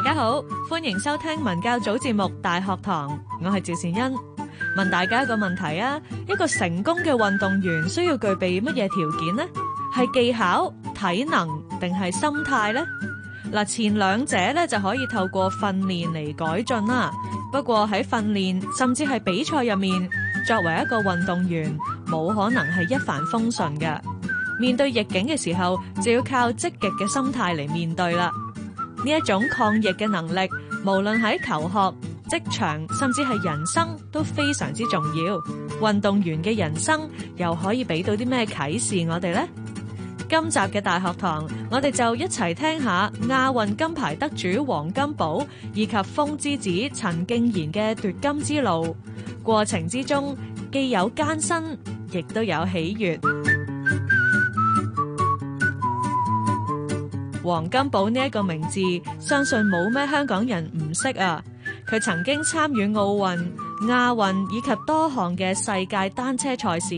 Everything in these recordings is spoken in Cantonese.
大家好，歡迎收聽文教組節目《大學堂》，我係趙善恩。問大家一個問題啊：一個成功嘅運動員需要具備乜嘢條件呢？係技巧、體能定係心態呢？嗱，前兩者呢就可以透過訓練嚟改進啦。不過喺訓練甚至係比賽入面，作為一個運動員，冇可能係一帆風順嘅。面對逆境嘅時候，就要靠積極嘅心態嚟面對啦。呢一種抗疫嘅能力，無論喺求學、職場，甚至係人生都非常之重要。運動員嘅人生又可以俾到啲咩啟示我哋呢？今集嘅大學堂，我哋就一齊聽一下亞運金牌得主黃金寶以及風之子陳敬然嘅奪金之路，過程之中既有艱辛，亦都有喜悅。黃金寶呢一個名字，相信冇咩香港人唔識啊！佢曾經參與奧運、亞運以及多項嘅世界單車賽事，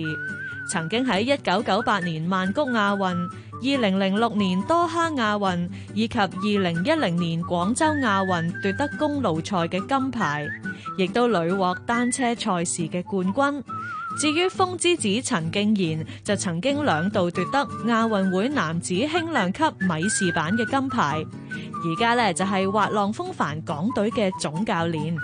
曾經喺一九九八年曼谷亞運、二零零六年多哈亞運以及二零一零年廣州亞運奪得公路賽嘅金牌，亦都屢獲單車賽事嘅冠軍。至於風之子陳敬然，就曾經兩度奪得亞運會男子輕量級米氏版嘅金牌。而家咧就係、是、滑浪風帆港隊嘅總教練。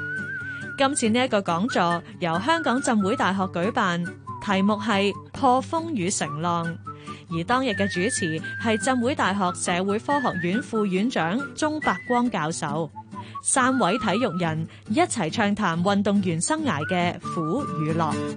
今次呢一個講座由香港浸會大學舉辦，題目係破風與乘浪。而當日嘅主持係浸會大學社會科學院副院長鍾伯光教授。三位體育人一齊暢談運動員生涯嘅苦與樂。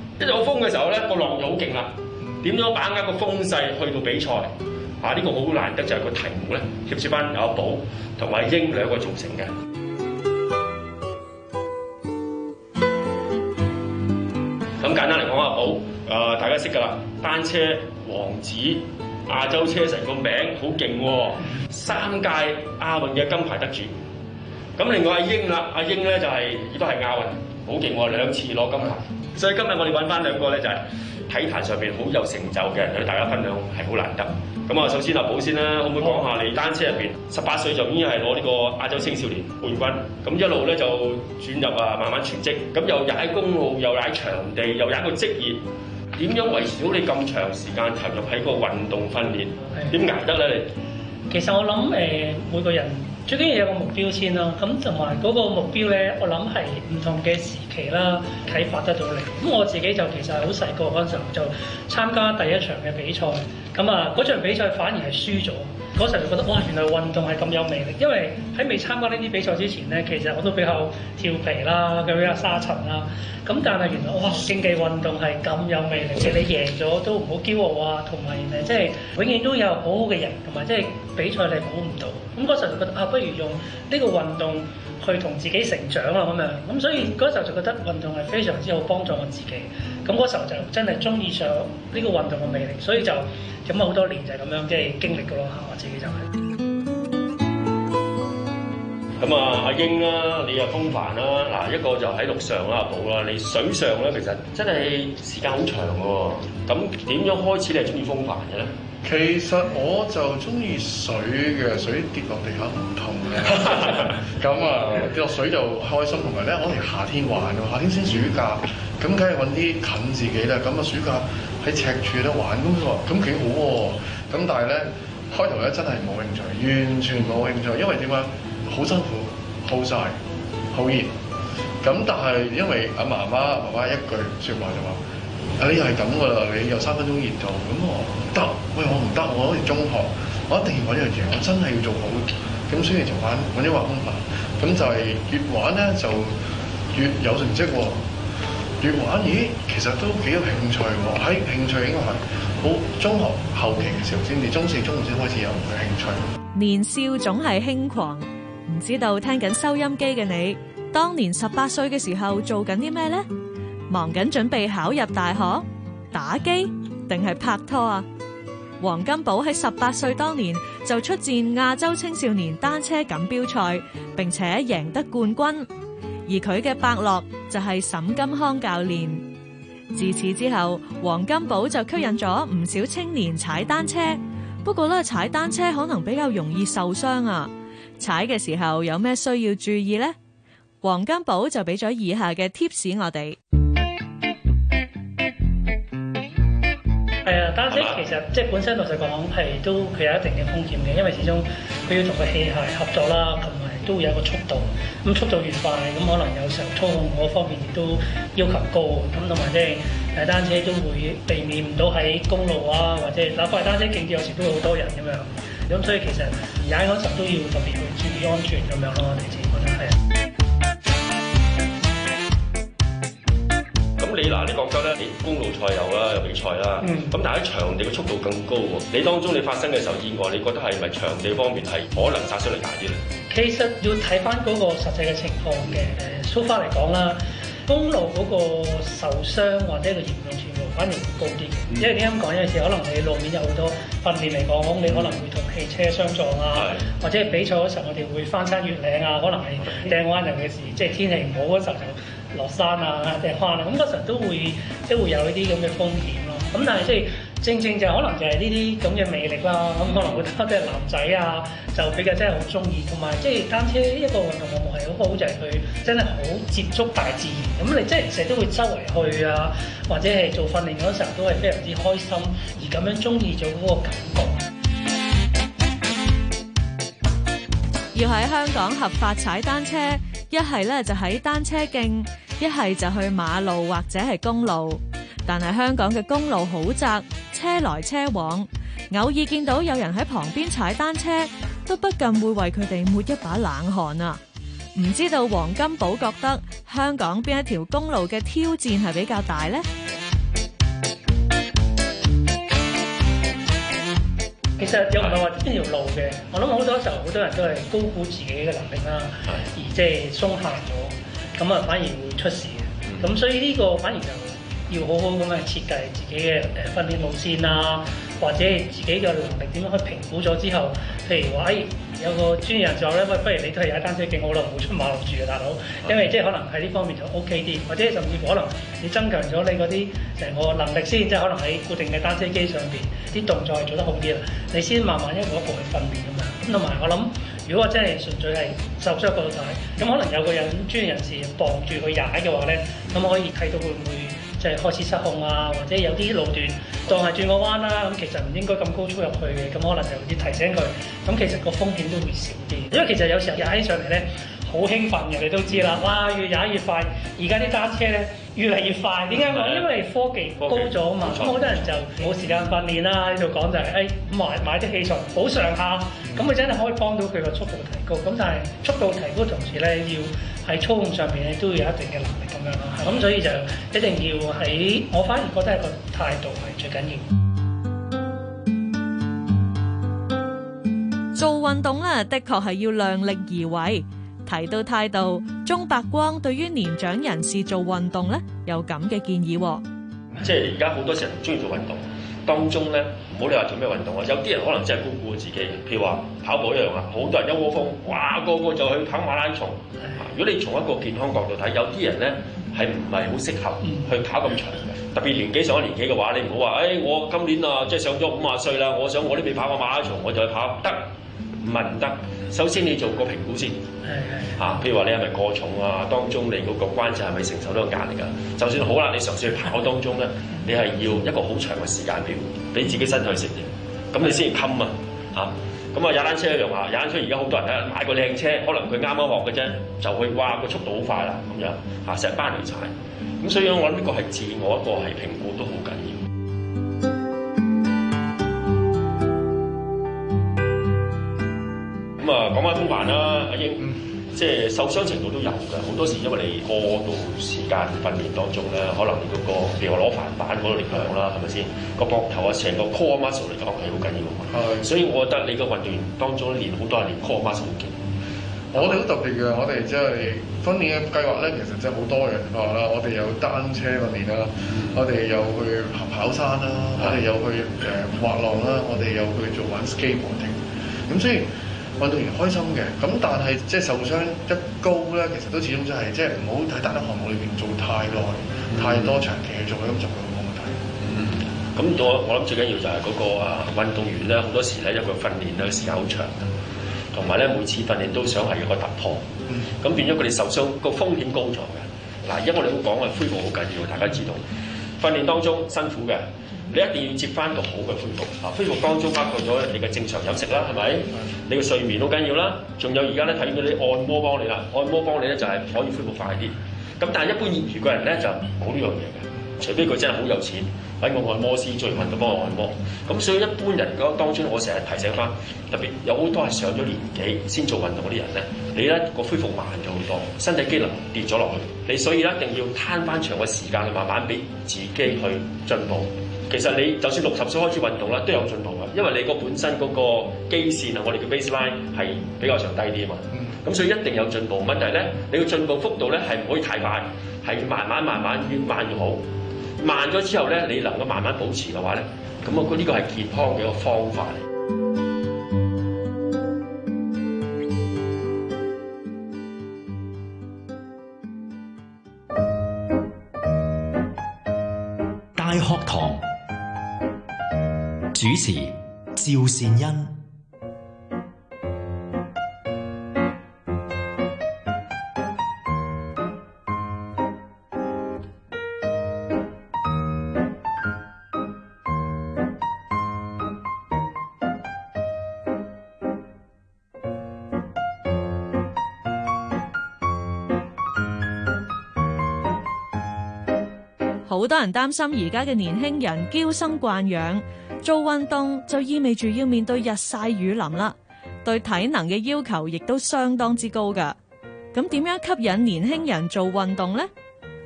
一有風嘅時候咧，個浪就好勁啦。點樣把握個風勢去到比賽？啊，呢、這個好難得，就係、是、個題目咧，揭示返有寶同埋英兩個組成嘅。咁 簡單嚟講，阿、哦、寶，誒、呃、大家識㗎啦，單車王子、亞洲車神個名好勁喎，三屆亞運嘅金牌得主。咁另外阿英啦，阿英咧就係、是、亦都係亞運，好勁喎，兩次攞金牌。所以今日我哋揾翻兩個咧，就係、是、體壇上邊好有成就嘅人，同大家分享係好難得。咁啊，首先阿寶先啦，可唔可以講下你單車入邊十八歲就已經係攞呢個亞洲青少年冠軍，咁一路咧就轉入啊慢慢全職，咁又踩公路，又踩場地，又踩一個職業，點樣維持到你咁長時間投入喺個運動訓練？點的捱得咧？你其實我諗誒、呃、每個人。最緊要有個目標先咯，咁同埋嗰個目標咧，我諗係唔同嘅時期啦，啟發得到你。咁我自己就其實係好細個嗰時候就參加第一場嘅比賽，咁啊嗰場比賽反而係輸咗。嗰陣就覺得哇，原來運動係咁有魅力，因為喺未參加呢啲比賽之前咧，其實我都比較調皮啦，咁比較沙塵啦。咁、嗯、但係原來哇，競技運動係咁有魅力，其實你贏咗都唔好驕傲啊，同埋誒即係永遠都有好好嘅人，同埋即係比賽你估唔到。咁嗰時候就覺得啊，不如用呢個運動去同自己成長啦咁樣。咁所以嗰時候就覺得運動係非常之好，幫助我自己。咁嗰時候就真係鍾意上呢個運動嘅魅力。所以就咁啊，好多年就係咁樣即係、就是、經歷過咯吓，我自己就係、是。咁啊，阿然啦、啊，你又、啊、風帆啦、啊，嗱一個就喺陸上啦、啊，阿、啊、寶啦、啊，你水上咧，其實真係時間好長嘅、啊。咁點樣開始？你係中意風帆嘅咧？其實我就中意水嘅，水跌落地下唔痛嘅、啊。咁 啊，跌落水就開心，同埋咧，我哋夏天玩、啊、夏天先暑假，咁梗係搵啲近自己啦。咁啊，暑假喺赤柱有得玩嘅喎，咁幾好喎、啊。咁但係咧，開頭咧，真係冇興趣，完全冇興趣，因為點啊？.好辛苦，好晒，好熱。咁但係因為阿媽媽爸爸一句説話就話，你又係咁噶啦，你又三分鐘熱度。咁我唔得，喂，我唔得，我好似中學，我一定要揾一樣嘢，我真係要做好。咁所以就玩玩啲風帆。咁就係越玩咧就越有成績喎。越玩，咦，其實都幾有興趣喎。喺興趣應該係好中學後期嘅時候先至，中四中五先開始有興趣。年少總係輕狂。唔知道聽緊收音機嘅你，當年十八歲嘅時候做緊啲咩呢？忙緊準備考入大學，打機定係拍拖啊？黃金寶喺十八歲當年就出戰亞洲青少年單車錦標賽，並且贏得冠軍。而佢嘅伯樂就係沈金康教練。自此之後，黃金寶就吸引咗唔少青年踩單車。不過咧，踩單車可能比較容易受傷啊。踩嘅時候有咩需要注意呢？黃金寶就俾咗以下嘅 tips 我哋。係啊，單車其實即係本身老實講係都佢有一定嘅風險嘅，因為始終佢要同個器械合作啦，同埋都會有一個速度。咁、嗯、速度越快，咁、嗯、可能有時候操控嗰方面亦都要求高。咁同埋即係踩單車都會避免唔到喺公路啊，或者打快單車徑有時都會好多人咁樣。咁所以其實踩嗰陣都要特別去注意安全咁樣咯，我哋自己覺得係啊。咁你嗱，你覺得咧？你公路賽有啦，有比賽啦。嗯。咁但係喺場地，嘅速度更高，你當中你發生嘅時候意外，你覺得係咪場地方面係可能殺傷力大啲咧？其實要睇翻個實際嘅情況嘅。誒 so far 嚟講啦，公路個受傷或者個嚴重。反而會高啲嘅，因為啱啱講有時可能你路面有好多訓練嚟講，你可能會同汽車相撞啊，的或者比賽嗰時候我哋會翻山越嶺啊，可能係掟彎有嘅事，即係天氣唔好嗰時候就落山啊、掟彎啊，咁嗰時候都會即係會有呢啲咁嘅風險咯。咁但係即係。正正就可能就係呢啲咁嘅魅力啦。咁、嗯、可能會得多啲男仔啊，就比較真係好中意。同埋即係單車呢一個運動項目係好好，就係、是、佢真係好接觸大自然。咁你即係成日都會周圍去啊，或者係做訓練嗰陣時候都係非常之開心，而咁樣中意咗嗰個感覺。要喺香港合法踩單車，一係咧就喺單車徑，一係就去馬路或者係公路。但係香港嘅公路好窄。車來車往，偶爾見到有人喺旁邊踩單車，都不禁會為佢哋抹一把冷汗啊！唔知道黃金寶覺得香港邊一條公路嘅挑戰係比較大呢？其實又唔係話邊條路嘅，我諗好多時候好多人都係高估自己嘅能力啦，而即係鬆懈咗，咁啊反而會出事嘅，咁所以呢個反而就是。要好好咁樣設計自己嘅誒訓練路線啊，或者自己嘅能力點樣去評估咗之後，譬如話，誒、哎、有個專業人士咧，喂，不如你都係踩單車勁好咯，唔好出馬路住啊大佬，因為即係可能喺呢方面就 OK 啲，或者甚至可能你增強咗你嗰啲成個能力先，即係可能喺固定嘅單車機上邊啲動作係做得好啲啦，你先慢慢一步一步去訓練啊嘛。咁同埋我諗，如果真係純粹係受傷個仔，咁可能有個人專業人士傍住佢踩嘅話咧，咁可以睇到會唔會？即係開始失控啊，或者有啲路段當係轉個彎啦、啊，咁其實唔應該咁高速入去嘅，咁可能就要提醒佢，咁其實個風險都會少啲。因為其實有時候踩起上嚟咧，好興奮嘅，你都知啦，哇、嗯啊，越踩越快。而家啲單車咧越嚟越快，點解？的因為科技高咗啊技嘛。咁好錯多人就冇時間訓練啦，喺度講就係、是、誒、哎、買買啲器材補上下，咁佢、嗯、真係可以幫到佢個速度提高。咁但係速度提高同時咧要。喺操控上面，你都要有一定嘅能力咁樣咯，咁的所以就一定要喺，我反而覺得係個態度係最緊要。做運動咧，的確係要量力而為。提到態度，鍾伯光對於年長人士做運動咧，有咁嘅建議。即係而家好多時候中意做運動。當中咧，唔好理話做咩運動啊，有啲人可能真係高估自己，譬如話跑步一樣啊。好多人一窩蜂，哇，個個就去跑馬拉松。如果你從一個健康角度睇，有啲人咧係唔係好適合去跑咁長嘅？特別年紀上咗年紀嘅話，你唔好話，誒、哎、我今年啊，即係上咗五啊歲啦，我想我呢邊跑個馬拉松，我就去跑得。唔係唔得，首先你做個評估先，係係嚇，譬如話你係咪過重啊？當中你嗰個關節係咪承受到壓力㗎、啊？就算好啦，你嘗試去跑當中咧，你係要一個好長嘅時間表俾自己身體適應，咁你先至冚啊嚇。咁啊，踩、啊、單車一樣啊，踩單車而家好多人咧買個靚車，可能佢啱啱學嘅啫，就會哇個速度好快啦、啊、咁樣嚇，成班人踩。咁所以我諗呢個係自我一個係評估都好緊要。啊，講翻通盤啦，阿英，即係受傷程度都有㗎。好多時因為你過度時間訓練當中咧，可能你、那、嗰個，譬如話攞帆板嗰度力量啦，係咪先個膊頭啊，成個 core muscle 嚟講係好緊要嘅係，是的 所以我覺得你個運動員當中練好多人練 core muscle 好勁。我哋好特別嘅，我哋即係訓練嘅計劃咧，其實真係好多元化啦。我哋有單車訓練啦，我哋有去跑山啦的、嗯，我哋有去誒滑浪啦，我哋有去做玩 skateboarding。咁所以。運動員開心嘅，咁但係即係受傷一高咧，其實都始終、就係、即係即係唔好喺單一項目裏邊做太耐、太多長期去做一種運動嘅問題。嗯，咁我我諗最緊要就係嗰個啊運動員咧，好多時咧因為訓練咧時間好長，同埋咧每次訓練都想係有個突破，咁、mm hmm。變咗佢哋受傷個風險高咗嘅。嗱，因為我哋講啊，恢復好緊要，大家知道，訓練當中辛苦嘅。你一定要接翻個好嘅恢復啊！恢復當中包括咗你嘅正常飲食啦，係咪？你嘅睡眠好緊要啦。仲有而家咧睇嗰啲按摩幫你啦，按摩幫你咧就係可以恢復快啲。咁但係一般業餘嘅人咧就冇呢樣嘢嘅，除非佢真係好有錢揾個按摩師做運動幫我按摩。咁所以一般人嗰當中，我成日提醒翻，特別有好多係上咗年紀先做運動嗰啲人咧，你咧個恢復慢咗好多，身體機能跌咗落去。你所以一定要攤翻長嘅時間，去慢慢俾自己去進步。其實你就算六十歲開始運動咧，都有進步嘅，因為你個本身嗰個基線啊，我哋叫 baseline 係比較長低啲啊嘛。咁、嗯、所以一定有進步，問題係咧，你個進步幅度咧係唔可以太快，係慢慢慢慢越慢越好。慢咗之後咧，你能夠慢慢保持嘅話咧，咁我覺得呢個係健康嘅一個方法。嚟。大學堂。主持趙善恩，好多人擔心而家嘅年輕人驕生慣養。做運動就意味住要面對日晒雨淋啦，對體能嘅要求亦都相當之高噶。咁點樣吸引年輕人做運動呢？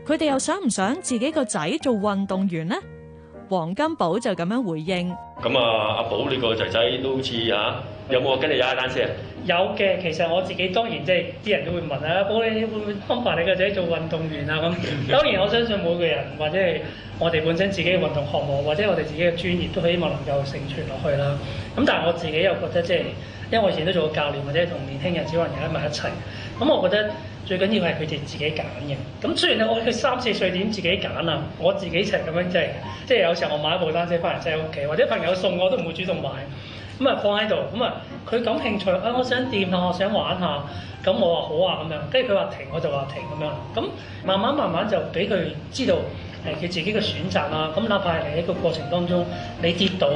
佢哋又想唔想自己個仔做運動員呢？黃金寶就咁樣回應：咁啊，阿、啊、寶，你個仔仔都好似啊，有冇話跟你踩下單車？有嘅，其實我自己當然即係啲人都會問啊，寶你會唔會安排你個仔做運動員啊？咁當然我相信每個人或者係我哋本身自己嘅運動項目，或者我哋自己嘅專業都希望能夠成存落去啦。咁但係我自己又覺得即係因為我以前都做過教練，或者同年輕人小朋友喺埋一齊，咁我覺得最緊要係佢哋自己揀嘅。咁雖然我佢三四歲點自己揀啊？我自己就咁樣即係即係有時候我買一部單車翻嚟即喺屋企，或者朋友送我都唔會主動買。咁啊放喺度，咁啊佢感興趣啊，我想掂下，我想玩下，咁我話好啊咁樣，跟住佢話停，我就話停咁樣，咁慢慢慢慢就俾佢知道誒，佢自己嘅選擇啦，咁哪怕係喺一個過程當中你跌倒。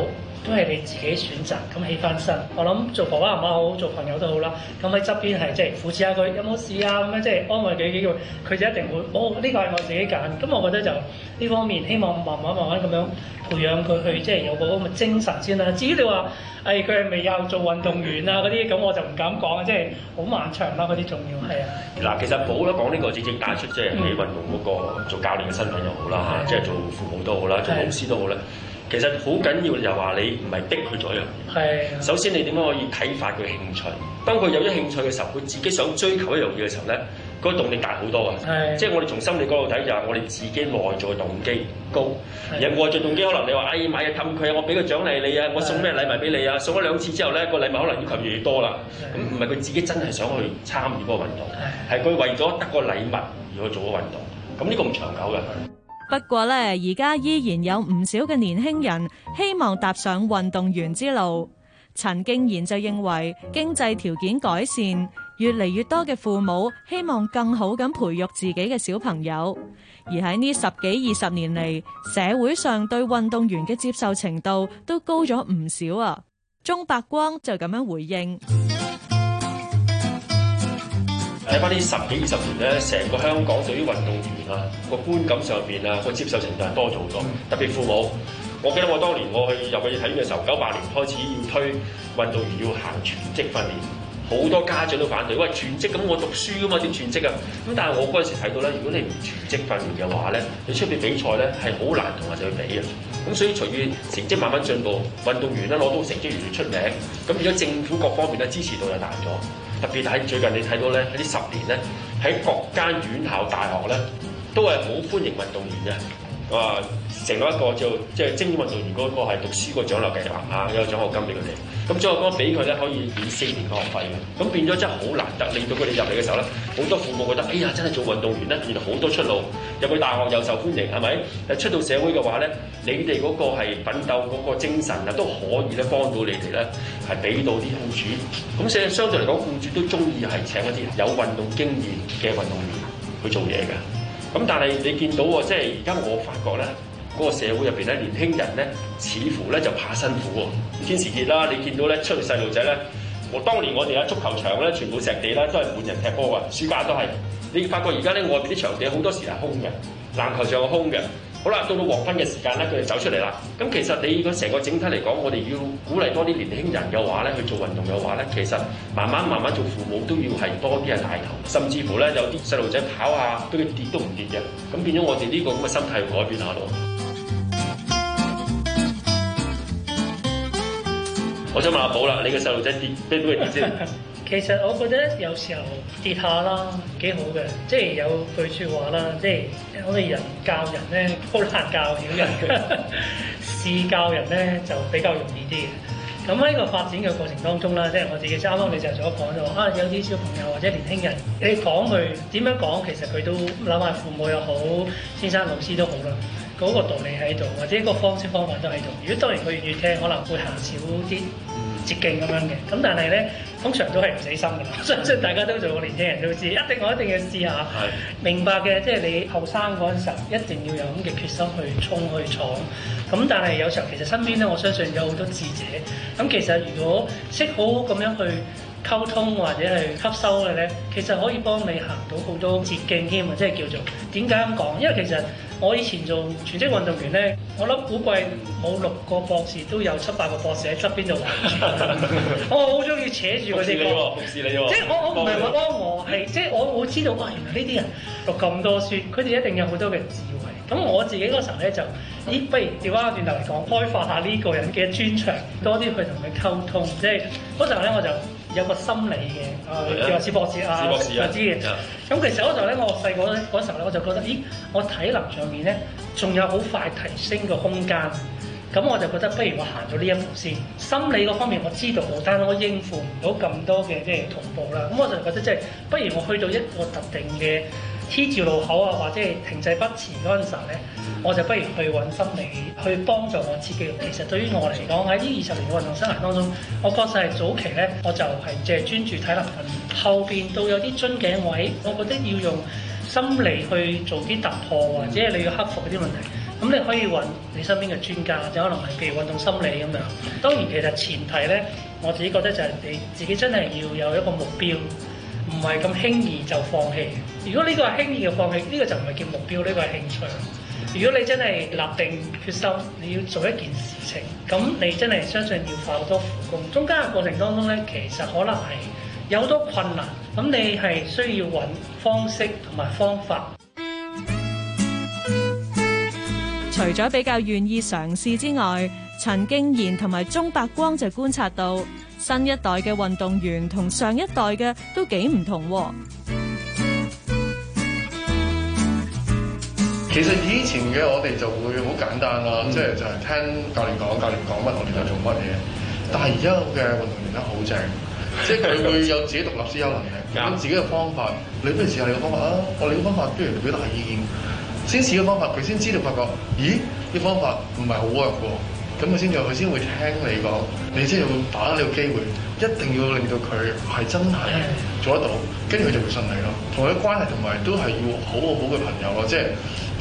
都係你自己選擇咁起翻身。我諗做爸爸媽媽好，做朋友都好啦。咁喺側邊係即係扶持下佢，有冇事啊？咁樣即係安慰佢幾句，佢就一定會。冇、哦、呢、這個係我自己揀。咁我覺得就呢方面，希望慢慢慢慢咁樣培養佢去，即、就、係、是、有個咁嘅精神先啦。至於你話誒佢係未有做運動員啊嗰啲，咁我就唔敢講即係好漫長啦、啊，嗰啲重要係啊。嗱、嗯，嗯、其實補咧講呢個正正帶出即係喺運動嗰、那個、嗯、做教練身份又好啦吓，即係對做父母都好啦，做老師都好啦。對對其實好緊要，就話你唔係逼佢做一樣嘢。係的，首先你點樣可以啟發佢興趣？當佢有咗興趣嘅時候，佢自己想追求一樣嘢嘅時候咧，嗰動力大好多啊。係的，即係我哋從心理角度睇，就係我哋自己內在動機高，的人外在動機可能你話，哎買嘢氹佢啊，我俾佢獎勵你啊，的我送咩禮物俾你啊，送咗兩次之後咧，個禮物可能要求越嚟越多啦。咁唔係佢自己真係想去參與嗰個運動，係佢的為咗得個禮物而去做個運動。咁呢個唔長久㗎。不過呢，而家依然有唔少嘅年輕人希望踏上運動員之路。陳敬然就認為，經濟條件改善，越嚟越多嘅父母希望更好咁培育自己嘅小朋友，而喺呢十幾二十年嚟，社會上對運動員嘅接受程度都高咗唔少啊。鍾伯光就咁樣回應。睇翻呢十幾二十年咧，成個香港對於運動員啊個觀感上邊啊個接受程度係多咗好多，特別父母。我記得我當年我去入去體院嘅時候，九八年開始要推運動員要行全職訓練。好多家長都反對，喂，全職咁我讀書啊嘛，點全職啊？咁但係我嗰陣時睇到咧，如果你唔全職訓練嘅話咧，你出面比賽咧係好難同人哋去比嘅。咁所以隨住成績慢慢進步，運動員咧攞到成績完全出名，咁變咗政府各方面咧支持度又大咗，特別係最近你睇到咧喺呢十年咧喺各間院校大學咧都係好歡迎運動員嘅。哇！成咗一個做即係精英運動員嗰個係讀書個獎學計劃啊，有獎學金俾佢哋。咁獎學金俾佢咧，可以免四年嘅學費嘅。咁變咗真係好難得，令到佢哋入嚟嘅時候咧，好多父母覺得，哎呀，真係做運動員咧，原來好多出路，入去大學又受歡迎，係咪？但出到社會嘅話咧，你哋嗰個係奮鬥嗰個精神啊，都可以咧幫到你哋咧，係俾到啲雇主。咁所以相對嚟講，雇主都中意係請一啲有運動經驗嘅運動員去做嘢嘅。咁、嗯、但係你見到喎，即係而家我發覺咧，嗰、那個社會入邊咧，年輕人咧，似乎咧就怕辛苦喎、啊。天時熱啦，你見到咧出去細路仔咧，我當年我哋喺足球場咧全部石地啦，都係滿人踢波㗎，暑假都係。你發覺而家咧外邊啲場地好多時係空嘅，籃球場係空嘅。好啦，到到黃昏嘅時間咧，佢就走出嚟啦。咁其實你如果成個整體嚟講，我哋要鼓勵多啲年輕人嘅話咧，去做運動嘅話咧，其實慢慢慢慢做，父母都要係多啲嘅大頭，甚至乎咧有啲細路仔跑下，俾佢跌都唔跌嘅，咁變咗我哋呢個咁嘅心態要改變下咯。 我想問阿寶啦，你個細路仔跌邊度跌先？ 其實我覺得有時候跌下啦幾好嘅，即係有句説話啦，即係我哋人教人咧，好難教曉人嘅，事教人咧 就比較容易啲嘅。咁喺個發展嘅過程當中啦，即係我自己啱啱我哋就咁講到，話啊，有啲小朋友或者年輕人，你講佢點樣講，其實佢都諗下父母又好，先生老師都好啦，嗰、嗰個道理喺度，或者個方式方法都喺度。如果當然佢願意聽，可能會行少啲。捷徑咁樣嘅，咁但係咧通常都係唔死心嘅。我相信大家都做過年輕人都知，一定我一定要試下。是明白嘅，即係你後生嗰陣時候一定要有咁嘅決心去衝去闖。咁但係有時候其實身邊咧，我相信有好多智者。咁其實如果識好好咁樣去溝通或者係吸收嘅咧，其實可以幫你行到好多捷徑添啊！即係叫做點解咁講？因為其實。我以前做全職運動員咧，我諗估計冇六個博士都有七八個博士喺側邊度圍住 我 好中意扯住佢哋講。服侍你喎，服侍你即係我我唔係唔幫我係，即係我會知道哇、哎！原來呢啲人讀咁多書，佢哋一定有好多嘅智慧。咁我自己嗰時候咧就，咦？不如掉翻個轉頭嚟講，開發下呢個人嘅專長，多啲去同佢溝通。即係嗰時候咧我就。有個心理嘅，誒的，譬如話史博士的啊，我知嘅。咁的其實我就咧，我細個咧嗰時候咧，我就覺得，咦，我體能上面咧，仲有好快提升嘅空間。咁我就覺得，不如我行咗呢一步先。心理嗰方面，我知道我，但我應付唔到咁多嘅即係同步啦。咁我就覺得，即係不如我去到一個特定嘅。黐住路口啊，或者係停滯不前嗰陣時候咧，我就不如去揾心理去幫助我自己。其實對於我嚟講，喺呢二十年嘅運動生涯當中，我確實係早期咧，我就係淨係專注體能訓練。後邊到有啲樽頸位，我覺得要用心理去做啲突破，或者係你要克服啲問題。咁你可以揾你身邊嘅專家，就可能係譬如運動心理咁樣。當然其實前提咧，我自己覺得就係你自己真係要有一個目標。唔係咁輕易就放棄。如果呢個係輕易嘅放棄，呢個就唔係叫目標，呢個係興趣。如果你真係立定決心，你要做一件事情，咁你真係相信要花好多苦功。中間嘅過程當中呢，其實可能係有好多困難，咁你係需要揾方式同埋方法。除咗比較願意嘗試之外，陳敬然同埋鍾伯光就觀察到。新一代嘅運動員同上一代嘅都幾唔同。其實以前嘅我哋就會好簡單啦，即係、嗯、就係聽教練講，教練講乜我哋就做乜嘢。但係而家嘅運動員咧好正，即係佢會有自己獨立思考能力，咁 自己嘅方法，你不如試下你嘅方法啦。我哋嘅方法不如表達意見，先試個方法，佢先知道發覺，咦啲方法唔係好 work 喎。咁佢先至佢先會聽你講，你先至會把握呢個機會，一定要令到佢係真係做得到，跟住佢就會信你咯。同佢個關係同埋都係要好好嘅朋友咯，即係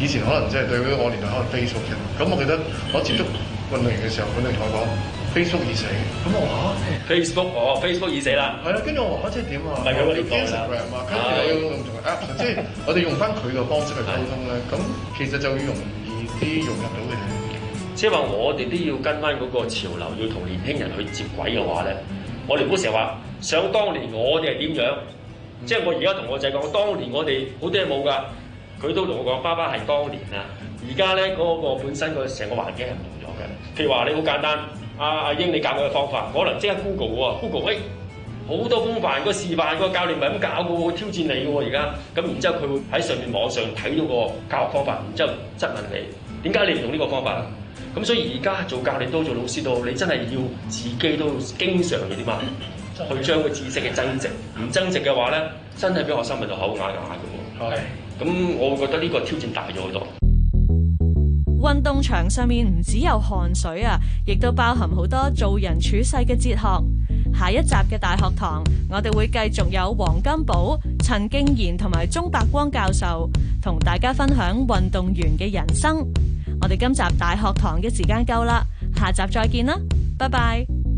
以前可能即係對於我年代可能 Facebook，咁我記得我接觸運動員嘅時候，運動員同我講、啊、Facebook, Facebook 已死，咁我話 Facebook 哦，Facebook 已死啦。係啦，跟住我話嚇即係點啊？唔係嗰個 Instagram 啊，跟住我仲要 Apps，即係我哋用翻佢個方式去溝通咧，咁其實就容易啲融入到嘅。即係話，我哋都要跟翻嗰個潮流，要同年輕人去接軌嘅話咧，我哋唔好成日話想當年我哋係點樣。即係我而家同我仔講，當年我哋好多嘢冇㗎。佢都同我講，爸爸係當年啊。而家咧嗰個本身個成個環境係唔同咗嘅。譬如話你好簡單，阿阿英你教我嘅方法，可能即刻 Google 喎，Google 喂，好多風範個示範個教練咪咁搞嘅喎，會挑戰你嘅喎而家咁。然之後佢會喺上面網上睇到個教學方法，然之後質問你點解你唔用呢個方法啊？咁、嗯、所以而家做教練都做老師多，你真係要自己都經常去點啊，去將個知識嘅增值，唔增值嘅話咧，真係俾學生咪度口啞啞嘅喎。係 Okay.、嗯，咁我會覺得呢個挑戰大咗好多。運動場上面唔只有汗水啊，亦都包含好多做人處世嘅哲學。下一集嘅大學堂，我哋會繼續有黃金寶、陳敬然同埋鍾伯光教授同大家分享運動員嘅人生。我哋今集大學堂嘅時間夠啦，下集再見啦，拜拜。